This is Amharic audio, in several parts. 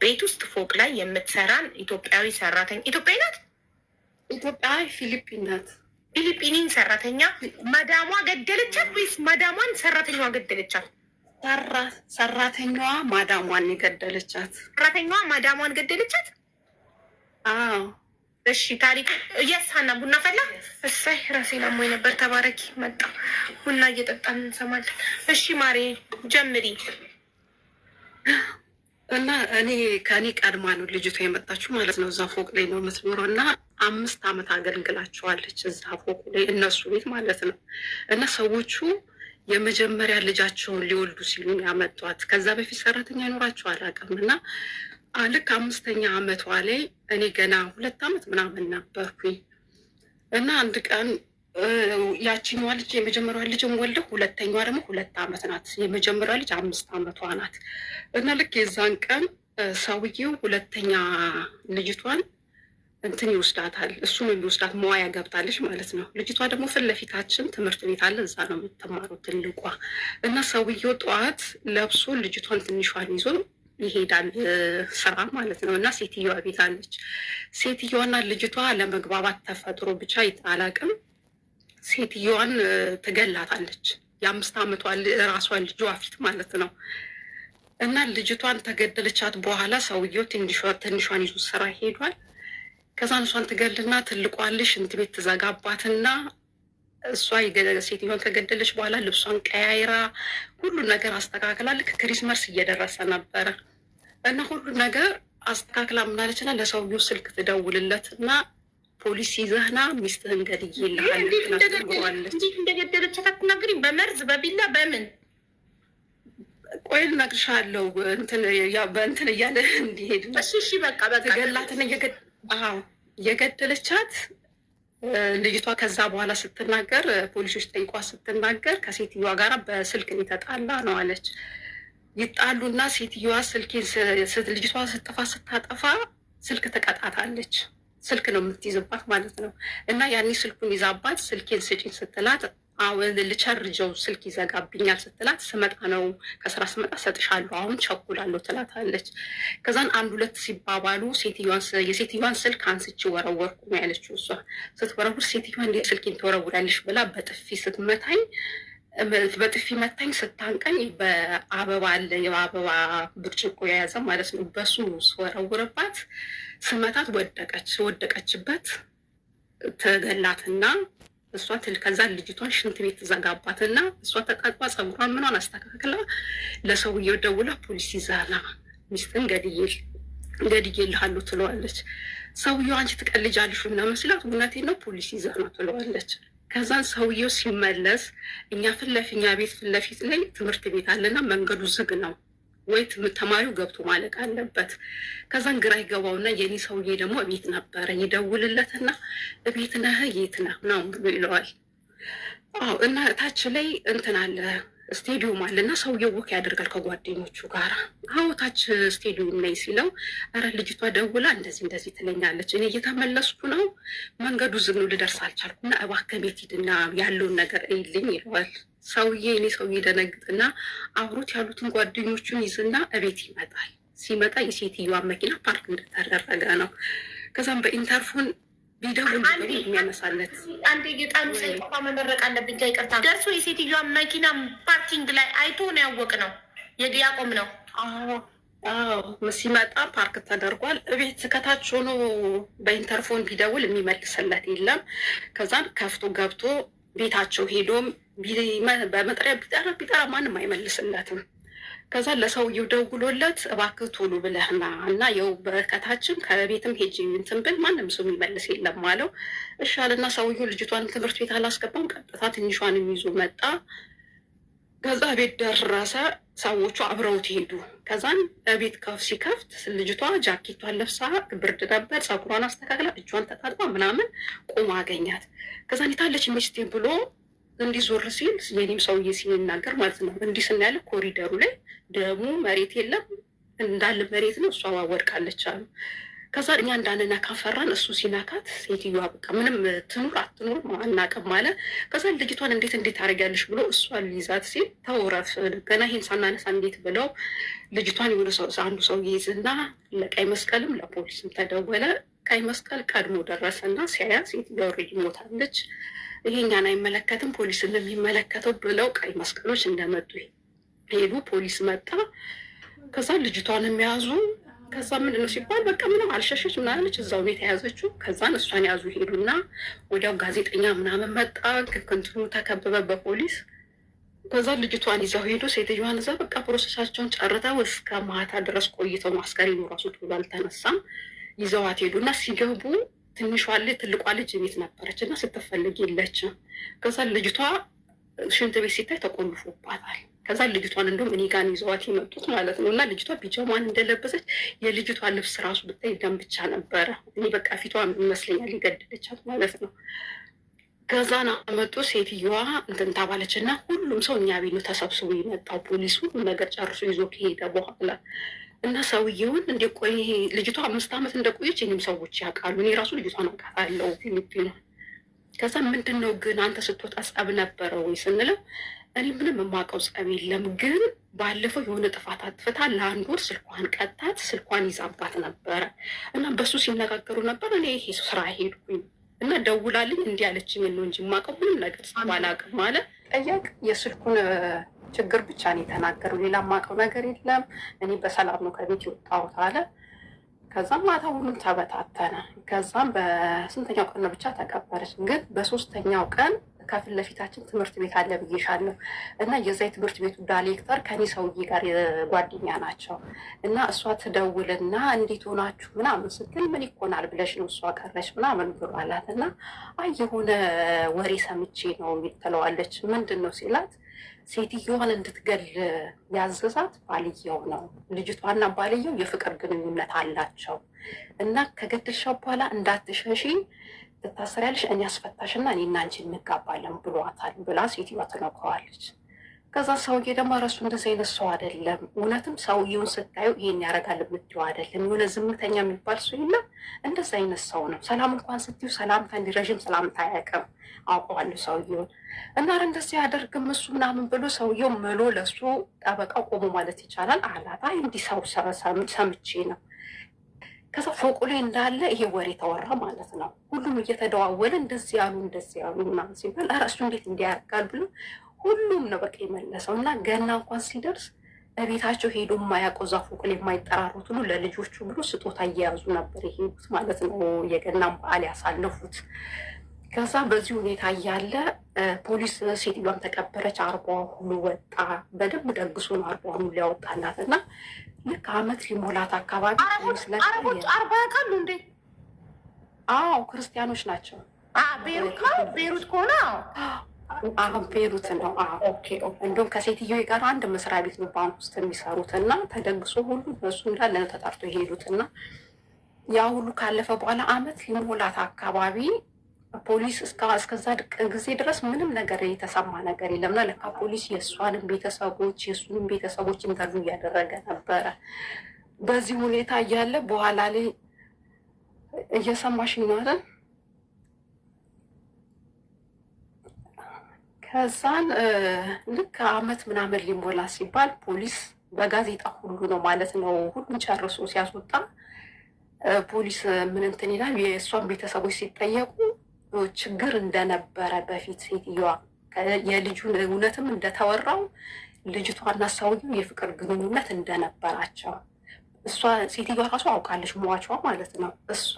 ቤት ውስጥ ፎቅ ላይ የምትሰራን ኢትዮጵያዊ ሰራተኛ ኢትዮጵያዊ ናት፣ ኢትዮጵያዊ ፊሊፒን ናት። ፊሊፒኒን ሰራተኛ መዳሟ ገደለቻት ወይስ መዳሟን ሰራተኛዋ ገደለቻት? ሰራተኛዋ ማዳሟን የገደለቻት ሰራተኛዋ ማዳሟን ገደለቻት። እሺ፣ ታሪክ እያሳና ቡና ፈላ። እሳይ ራሴ ላሞኝ ነበር። ተባረኪ መጣ። ቡና እየጠጣን እንሰማለን። እሺ ማሬ ጀምሪ። እና እኔ ከእኔ ቀድማ ነው ልጅቷ የመጣችው ማለት ነው። እዛ ፎቅ ላይ ነው የምትኖረው እና አምስት ዓመት አገልግላቸዋለች እዛ ፎቅ ላይ እነሱ ቤት ማለት ነው። እና ሰዎቹ የመጀመሪያ ልጃቸውን ሊወልዱ ሲሉ ያመጧት። ከዛ በፊት ሰራተኛ ይኖራቸው አላውቅም። እና ልክ አምስተኛ ዓመቷ ላይ እኔ ገና ሁለት ዓመት ምናምን ነበርኩኝ እና አንድ ቀን ያችኛዋ ልጅ የመጀመሪያ ልጅም ወልደው ሁለተኛዋ ደግሞ ሁለት ዓመት ናት። የመጀመሪያ ልጅ አምስት ዓመቷ ናት እና ልክ የዛን ቀን ሰውዬው ሁለተኛ ልጅቷን እንትን ይወስዳታል። እሱም የሚወስዳት መዋያ ገብታለች ማለት ነው። ልጅቷ ደግሞ ፊት ለፊታችን ትምህርት ቤት አለ፣ እዛ ነው የምትማረው ትልቋ እና ሰውየው ጠዋት ለብሶ ልጅቷን ትንሿን ይዞ ይሄዳል ስራ ማለት ነው። እና ሴትዮዋ ቤት አለች። ሴትዮዋና ልጅቷ ለመግባባት ተፈጥሮ ብቻ አላቅም ሴትዮዋን ትገላታለች። የአምስት አመቷ ራሷን ልጇ ፊት ማለት ነው። እና ልጅቷን ተገደለቻት። በኋላ ሰውየው ትንሿን ይዞ ስራ ሄዷል። ከዛ እሷን ትገልና ትልቋል ሽንት ቤት ትዘጋባትና እሷ ሴትዮዋን ከገደለች በኋላ ልብሷን ቀያይራ ሁሉ ነገር አስተካክላ ልክ ክሪስመስ እየደረሰ ነበረ እና ሁሉ ነገር አስተካክላ ምናለችና ለሰውየው ስልክ ትደውልለት እና ፖሊስ ይዘህና ሚስትህን ገድዬ እንዴት እንደገደለቻት አትናገሪም? በመርዝ በቢላ በምን? ቆይ እነግርሻለሁ። በእንትን እያለ እንዲሄድ እሺ፣ በቃ ገላትን የገደለቻት ልጅቷ። ከዛ በኋላ ስትናገር ፖሊሶች ጠይቋ ስትናገር ከሴትዮዋ ጋር በስልክ የተጣላ ነው አለች። ይጣሉና ሴትዮዋ ስልኬን ልጅቷ ስጥፋ ስታጠፋ ስልክ ትቀጣታለች። ስልክ ነው የምትይዝባት ማለት ነው። እና ያኔ ስልኩን ይዛባት ስልኬን ስጪኝ ስትላት አሁን ልቸርጀው ስልክ ይዘጋብኛል ስትላት ስመጣ ነው ከስራ ስመጣ ሰጥሻለሁ አሁን ቸኩላለሁ ትላታለች። ከዛን አንድ ሁለት ሲባባሉ የሴትዮዋን ስልክ አንስች ወረወርኩ ነው ያለችው። እሷ ስትወረውር ሴትዮዋ እንዴት ስልኬን ትወረውራለች ብላ በጥፊ ስትመታኝ በጥፊ መታኝ። ስታንቀኝ በአበባ አለ የአበባ ብርጭቆ የያዘ ማለት ነው በሱ ስወረውርባት ስመታት ወደቀች። ወደቀችበት ተገላትና እሷ ከዛ ልጅቷን ሽንት ቤት ዘጋባትና እሷ ተቃጥባ ፀጉሯን ምኗን አስተካክላ ለሰውየው ደውላ ፖሊስ ይዛላ ሚስትን ገድዬል ገድዬልሃለሁ ትለዋለች። ሰውየው አንቺ ትቀልጃለሽ ምናምን ስላት እውነቴን ነው ፖሊስ ይዛና ትለዋለች። ከዛን ሰውየው ሲመለስ እኛ ፊት ለፊት እኛ ቤት ፊት ለፊት ላይ ትምህርት ቤት አለና መንገዱ ዝግ ነው። ወይ ተማሪው ገብቶ ማለቅ አለበት። ከዛን ግራ ይገባውና የኔ ሰውዬ ደግሞ እቤት ነበረ ይደውልለትና እቤት ነህ የት ነህ ምናምን ብሎ ይለዋል። አዎ እና ታች ላይ እንትን አለ ስቴዲዮም አለና ሰውየው ወክ ያደርጋል ከጓደኞቹ ጋር። አዎታች ስቴዲዮም ላይ ሲለው፣ ኧረ ልጅቷ ደውላ እንደዚህ እንደዚህ ትለኛለች፣ እኔ እየተመለስኩ ነው፣ መንገዱ ዝግ ነው፣ ልደርስ እና እባክህ ቤት ሂድና ያለውን ነገር እይልኝ ይለዋል። ሰውዬ እኔ ሰውዬ ደነግጥና አብሮት ያሉትን ጓደኞቹን ይዝና እቤት ይመጣል። ሲመጣ የሴትዮዋ መኪና ፓርክ እንደተደረገ ነው። ከዛም በኢንተርፎን ደርሶ የሴትዮዋ መኪና ፓርኪንግ ላይ አይቶ ነው ያወቅ ነው የዲያቆም ነው ሲመጣ ፓርክ ተደርጓል። እቤት ከታች ሆኖ በኢንተርፎን ቢደውል የሚመልስለት የለም። ከዛም ከፍቶ ገብቶ ቤታቸው ሄዶም በመጥሪያ ቢጠራ ቢጠራ ማንም አይመልስለትም። ከዛ ለሰውየው ደውሎለት እባክህ ቶሎ ብለህና እና የው በረከታችን ከቤትም ሄጅ እንትን ብል ማንም ሰው የሚመልስ የለም አለው። እሺ አለና ሰውየው ልጅቷን ትምህርት ቤት አላስገባም። ቀጥታ ትንሿንም ይዞ መጣ። ከዛ ቤት ደረሰ። ሰዎቹ አብረውት ሄዱ። ከዛን ቤት ከፍ ሲከፍት ልጅቷ ጃኬቷን ለብሳ ብርድ ነበር፣ ፀጉሯን አስተካክላ እጇን ተታጥባ ምናምን ቁማ አገኛት። ከዛን የታለች ሚስቴ ብሎ እንዲህ ዞር ሲል የኔም ሰውዬ ሲናገር ማለት ነው እንዲህ ስናያለ ኮሪደሩ ላይ ደግሞ መሬት የለም እንዳለ መሬት ነው። እሷ ወድቃለች አሉ። ከዛ እኛ እንዳንና ካፈራን እሱ ሲናካት ሴትዮዋ በቃ ምንም ትኑር አትኑር አናውቅም አለ። ከዛ ልጅቷን እንዴት እንዴት ታደርጊያለሽ ብሎ እሷ ሊይዛት ሲል ተውረፍ ገና ይህን ሳናነሳ እንዴት ብለው ልጅቷን የሆነ ሰው አንዱ ሰው ይይዝና ለቀይ መስቀልም ለፖሊስም ተደወለ። ቀይ መስቀል ቀድሞ ደረሰና ሲያያ ሴትዮዋ ሬጅ ሞታለች። ይሄኛን አይመለከትም ፖሊስ እንደሚመለከተው ብለው ቀይ መስቀሎች እንደመጡ ሄዱ። ፖሊስ መጣ። ከዛ ልጅቷን የሚያዙ ከዛ ምንድን ነው ሲባል በቃ ምንም አልሸሸች ምናለች፣ እዛው ቤት የተያዘችው። ከዛን እሷን ያዙ ሄዱና ወዲያው ጋዜጠኛ ምናምን መጣ፣ ክክንትኑ ተከበበ በፖሊስ። ከዛ ልጅቷን ይዛው ሄዱ። ሴትዮዋን እዛ በቃ ፕሮሰሳቸውን ጨርተው እስከ ማታ ድረስ ቆይተው ማስከሬኑ ራሱ ቶሎ አልተነሳም። ይዘዋት ሄዱ እና ሲገቡ ትንሿ ልጅ ትልቋ ልጅ ቤት ነበረች እና ስትፈልግ የለችም። ከዛ ልጅቷ ሽንት ቤት ሲታይ ተቆልፎባታል። ከዛ ልጅቷን እንደውም እኔ ይዘዋት የመጡት ማለት ነው። እና ልጅቷ ቢጃማዋን እንደለበሰች የልጅቷ ልብስ ራሱ ብታይ ደም ብቻ ነበረ። እኔ በቃ ፊቷ ይመስለኛል የገደለቻት ማለት ነው። ከዛን አመጡ። ሴትዮዋ እንትን ታባለች እና ሁሉም ሰው እኛ ቤት ነው ተሰብስቦ የመጣው ፖሊስ ሁሉ ነገር ጨርሶ ይዞ ከሄደ በኋላ እና ሰውየውን እንደ ቆይ ይሄ ልጅቷ አምስት ዓመት እንደቆየች እኔም ሰዎች ያውቃሉ። እኔ ራሱ ልጅቷን አውቃታለሁ ፊሊፒን። ከዛ ምንድን ነው ግን አንተ ስትወጣ ጸብ ነበረ ወይ ስንለው እኔ ምንም የማውቀው ጸብ የለም፣ ግን ባለፈው የሆነ ጥፋት አጥፍታ ለአንድ ወር ስልኳን ቀጣት፣ ስልኳን ይዛባት ነበረ እና በሱ ሲነጋገሩ ነበር። እኔ ይሄ ስራ ሄድኩኝ እና ደውላልኝ እንዲህ አለችኝ ነው እንጂ የማውቀው ምንም ነገር ጸብ አላውቅም ማለት ጠያቅ የስልኩን ችግር ብቻ ነው የተናገረው። ሌላ ማውቀው ነገር የለም። እኔ በሰላም ነው ከቤት የወጣሁት አለ። ከዛም ማታ ሁሉም ተበታተነ። ከዛም በስንተኛው ቀን ነው ብቻ ተቀበረች። ግን በሶስተኛው ቀን ከፊት ለፊታችን ትምህርት ቤት አለ ብዬሻለሁ እና የዛ የትምህርት ቤቱ ዳይሬክተር ከኔ ሰውዬ ጋር ጓደኛ ናቸው እና እሷ ትደውልና እንዴት ሆናችሁ ምናምን ስትል ምን ይኮናል ብለሽ ነው እሷ ቀረች ምናምን ብሎ አላት እና አይ የሆነ ወሬ ሰምቼ ነው ትለዋለች። ምንድን ነው ሲላት ሴትዮዋን እንድትገል ያዘዛት ባልየው ነው። ልጅቷና ባልየው የፍቅር ግንኙነት አላቸው እና ከገደልሻ በኋላ እንዳትሸሺ ትታሰሪያለሽ፣ እኔ አስፈታሽና እኔ እና አንቺ እንጋባለን ብሏታል ብላ ሴትዮዋ ትነግረዋለች። ከዛ ሰውዬ ደግሞ ረሱ እንደዚ አይነት ሰው አይደለም፣ እውነትም ሰውዬውን ስታዩ ይሄን ያደርጋል የምትይው አይደለም። የሆነ ዝምተኛ የሚባል ሰው የለም፣ እንደዚ አይነት ሰው ነው። ሰላም እንኳን ስትይው ሰላምታ ረዥም ሰላምታ አያውቅም፣ አውቀዋለሁ ሰውዬውን እና እንደዚህ ያደርግም እሱ ምናምን ብሎ ሰውዬው ምሎ ለሱ ጠበቃው ቆሞ ማለት ይቻላል አላት። አይ እንዲህ ሰው ሰምቼ ነው ከዛ ፎቁ ላይ እንዳለ ይሄ ወሬ ተወራ ማለት ነው። ሁሉም እየተደዋወለ እንደዚህ ያሉ እንደዚህ ያሉ ምናምን ሲባል ኧረ እሱ እንዴት እንዲያርጋል ብሎ ሁሉም ነው በቃ የመለሰው እና ገና እንኳን ሲደርስ በቤታቸው ሄዶ የማያውቀው እዛ ፎቅ ላይ የማይጠራሩት ሁሉ ለልጆቹ ብሎ ስጦታ እየያዙ ነበር የሄዱት ማለት ነው። የገናም በዓል ያሳለፉት ከዛ በዚህ ሁኔታ እያለ ፖሊስ ሴትዮዋን ተቀበረች። አርቧ ሁሉ ወጣ። በደንብ ደግሶ ነው አርቧ ሁሉ ሊያወጣላት እና ልክ አመት ሊሞላት አካባቢ አርባ ያውቃሉ እንዴ? አዎ ክርስቲያኖች ናቸው። ቤሩት ከሆነ አሁን ቤሩት ነው። እንዲሁም ከሴትዮ ጋር አንድ መስሪያ ቤት ነው ባንክ ውስጥ የሚሰሩት እና ተደግሶ ሁሉ እነሱ እንዳለ ነው ተጠርቶ የሄዱት እና ያ ሁሉ ካለፈ በኋላ አመት ሊሞላት አካባቢ ፖሊስ እስከዛ ጊዜ ድረስ ምንም ነገር የተሰማ ነገር የለምና ለካ ፖሊስ የእሷንም ቤተሰቦች የእሱንም ቤተሰቦች ኢንተርቪው እያደረገ ነበረ። በዚህ ሁኔታ እያለ በኋላ ላይ እየሰማሽ ይኖረ ከዛን ልክ አመት ምናምን ሊሞላ ሲባል ፖሊስ በጋዜጣ ሁሉ ነው ማለት ነው ሁሉን ጨርሶ ሲያስወጣ ፖሊስ ምን እንትን ይላል የእሷን ቤተሰቦች ሲጠየቁ ችግር እንደነበረ በፊት ሴትዮዋ የልጁን እውነትም እንደተወራው ልጅቷና ሰውየው የፍቅር ግንኙነት እንደነበራቸው እሷ ሴትዮዋ ራሱ አውቃለች፣ ሟቿ ማለት ነው። እሷ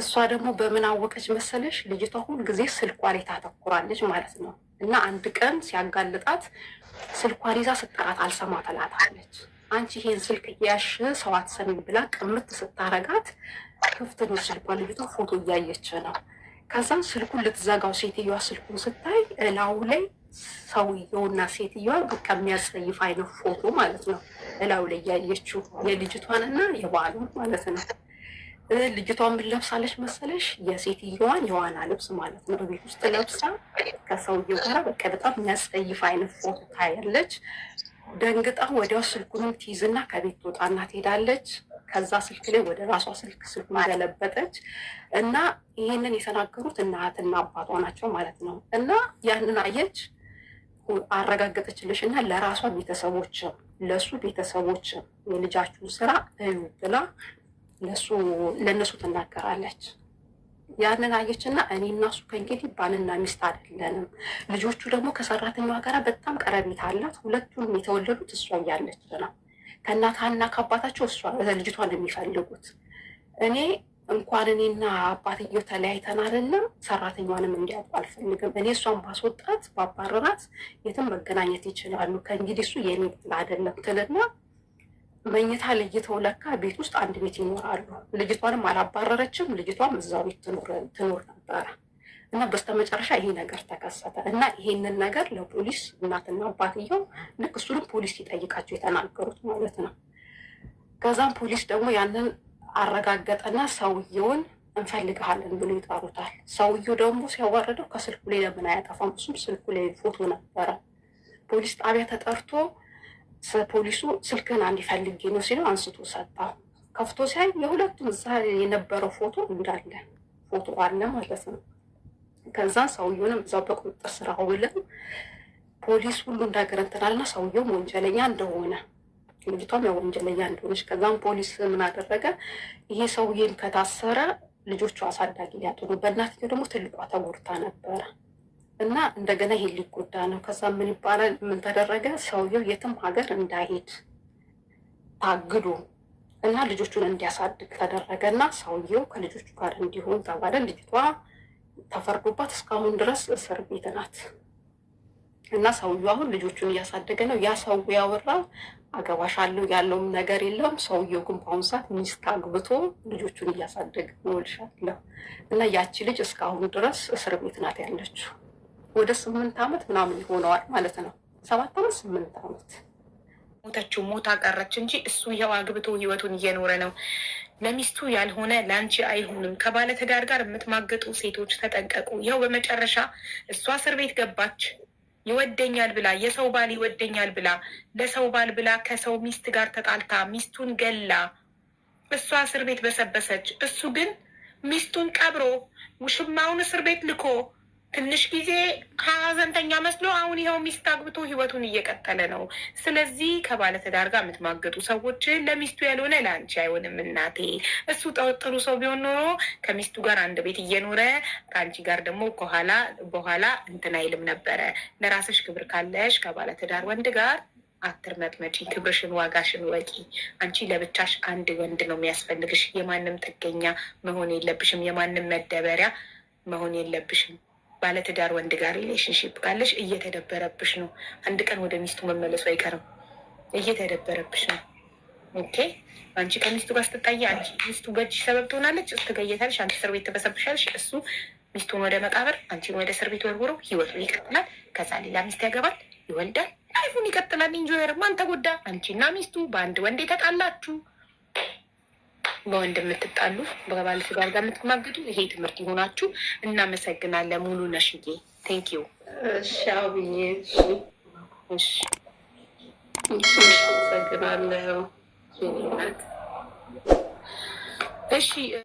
እሷ ደግሞ በምን አወቀች መሰለሽ? ልጅቷ ጊዜ ስልኳ ላይ ታተኩራለች ማለት ነው። እና አንድ ቀን ሲያጋልጣት ስልኳን ይዛ ስጠራት አልሰማ ትላታለች። አንቺ ይሄን ስልክ እያሽ ሰው አትሰሚም ብላ ቅምት ስታረጋት ክፍት ስልኳ። ልጅቷ ፎቶ እያየች ነው ከዛ ስልኩን ልትዘጋው ሴትዮዋ ስልኩን ስታይ እላው ላይ ሰውየውና ሴትዮዋ በቃ የሚያስጠይፍ አይነት ፎቶ ማለት ነው። እላው ላይ ያየችው የልጅቷንና የባሏን ማለት ነው። ልጅቷ ምን ለብሳለች መሰለሽ? የሴትዮዋን የዋና ልብስ ማለት ነው። ቤት ውስጥ ለብሳ ከሰውየው ጋር በቃ በጣም የሚያስጠይፍ አይነት ፎቶ ታያለች። ደንግጣ ወዲያው ስልኩንም ትይዝና ከቤት ትወጣና ትሄዳለች። ከዛ ስልክ ላይ ወደ ራሷ ስልክ ስልክ ገለበጠች እና ይህንን የተናገሩት እናትና አባቷ ናቸው ማለት ነው። እና ያንን አየች አረጋገጠችልሽ እና ለራሷ ቤተሰቦችም ለእሱ ቤተሰቦችም የልጃችሁን ስራ እዩ ብላ ለእነሱ ትናገራለች። ያንን አየች እና እኔ እናሱ ከእንግዲህ ባልና ሚስት አይደለንም። ልጆቹ ደግሞ ከሰራተኛዋ ጋር በጣም ቀረቤታ አላት። ሁለቱንም የተወለዱት እሷ እያለች ነው ከእናታና ከአባታቸው እሷ ልጅቷን የሚፈልጉት እኔ እንኳን እኔና አባትየው ተለያይተን አይደለም ሰራተኛዋንም እንዲያውቁ አልፈልግም። እኔ እሷን ባስወጣት ባባረራት የትም መገናኘት ይችላሉ። ከእንግዲህ እሱ የኔ አይደለም ትልና መኝታ ለይተው ለካ ቤት ውስጥ አንድ ቤት ይኖራሉ። ልጅቷንም አላባረረችም። ልጅቷም እዛ ቤት ትኖር ነበረ። እና በስተመጨረሻ ይሄ ነገር ተከሰተ እና ይሄንን ነገር ለፖሊስ እናትና አባትየው ልክ እሱንም ፖሊስ ሲጠይቃቸው የተናገሩት ማለት ነው። ከዛም ፖሊስ ደግሞ ያንን አረጋገጠና ሰውየውን እንፈልግሃለን ብሎ ይጠሩታል። ሰውየው ደግሞ ሲያዋረደው ከስልኩ ላይ ለምን አያጠፋም? እሱም ስልኩ ላይ ፎቶ ነበረ። ፖሊስ ጣቢያ ተጠርቶ ፖሊሱ ስልክን አንድ ፈልጌ ነው ሲለው አንስቶ ሰጣው። ከፍቶ ሲያይ የሁለቱም እዛ የነበረው ፎቶ እንዳለ ፎቶ አለ ማለት ነው። ከዛ ሰውየውንም እዛው በቁጥጥር ስር አውለን ፖሊስ ሁሉ እንዳገረ ሰውየውም ወንጀለኛ እንደሆነ ልጅቷም ያው ወንጀለኛ እንደሆነች ከዛም ፖሊስ ምን አደረገ? ይሄ ሰውዬን ከታሰረ ልጆቹ አሳዳጊ ሊያጡ ነው። በእናትየው ደግሞ ትልቋ ተጎድታ ነበረ እና እንደገና ይሄ ሊጎዳ ነው። ከዛ ምን ይባላል? ምን ተደረገ? ሰውየው የትም ሀገር እንዳይሄድ ታግዶ እና ልጆቹን እንዲያሳድግ ተደረገ እና ሰውየው ከልጆቹ ጋር እንዲሆን ተባለ። ልጅቷ ተፈርዶባት እስካሁን ድረስ እስር ቤት ናት። እና ሰውዬው አሁን ልጆቹን እያሳደገ ነው። ያ ሰው ያወራ አለው ያለውም ነገር የለም። ሰውየው ግን በአሁኑ ሰዓት ሚስት አግብቶ ልጆቹን እያሳደገ እወልሻለሁ እና ያቺ ልጅ እስካሁን ድረስ እስር ቤት ናት ያለችው። ወደ ስምንት ዓመት ምናምን ይሆነዋል ማለት ነው። ሰባት ዓመት ስምንት ዓመት ሞተችው ሞታ ቀረች እንጂ እሱ ይኸው አግብቶ ህይወቱን እየኖረ ነው። ለሚስቱ ያልሆነ ለአንቺ አይሆንም። ከባለትዳር ጋር የምትማገጡ ሴቶች ተጠንቀቁ። ይኸው በመጨረሻ እሷ እስር ቤት ገባች። ይወደኛል ብላ የሰው ባል ይወደኛል ብላ ለሰው ባል ብላ ከሰው ሚስት ጋር ተጣልታ ሚስቱን ገላ እሷ እስር ቤት በሰበሰች። እሱ ግን ሚስቱን ቀብሮ ውሽማውን እስር ቤት ልኮ ትንሽ ጊዜ ሀዘንተኛ መስሎ አሁን ይኸው ሚስት አግብቶ ህይወቱን እየቀጠለ ነው። ስለዚህ ከባለትዳር ጋር የምትማገጡ ሰዎች ለሚስቱ ያልሆነ ለአንቺ አይሆንም እናቴ። እሱ ጥሩ ሰው ቢሆን ኖሮ ከሚስቱ ጋር አንድ ቤት እየኖረ ከአንቺ ጋር ደግሞ ከኋላ በኋላ እንትን አይልም ነበረ። ለራስሽ ክብር ካለሽ ከባለትዳር ወንድ ጋር አትር መጥመጪ ክብርሽን፣ ዋጋሽን ወቂ። አንቺ ለብቻሽ አንድ ወንድ ነው የሚያስፈልግሽ። የማንም ጥገኛ መሆን የለብሽም። የማንም መደበሪያ መሆን የለብሽም። ባለትዳር ወንድ ጋር ሪሌሽንሽፕ ካለሽ እየተደበረብሽ ነው። አንድ ቀን ወደ ሚስቱ መመለሱ አይቀርም። እየተደበረብሽ ነው። ኦኬ አንቺ ከሚስቱ ጋር ስትታየ አንቺ ሚስቱ በጅ ሰበብ ትሆናለች። ትገየታለች አንቺ እስር ቤት ትበሰብሻለሽ። እሱ ሚስቱን ወደ መቃብር፣ አንቺን ወደ እስር ቤት ወርውሮ ህይወቱ ይቀጥላል። ከዛ ሌላ ሚስት ያገባል፣ ይወልዳል፣ ላይፉን ይቀጥላል። ኢንጆየር ማን ተጎዳ? አንቺና ሚስቱ በአንድ ወንድ የተጣላችሁ በወንድ የምትጣሉ በባለትዳር ጋር የምትማግዱ ይሄ ትምህርት ይሆናችሁ። እናመሰግናለን። ሙሉ ነሽዬ ቴንክ ዩ እሺ።